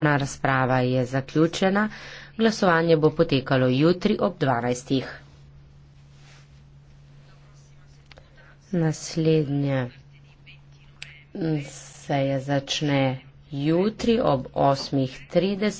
Na razprava je zaključena. Glasovanje bo potekalo jutri ob 12. Naslednje se je začne jutri ob 8.30.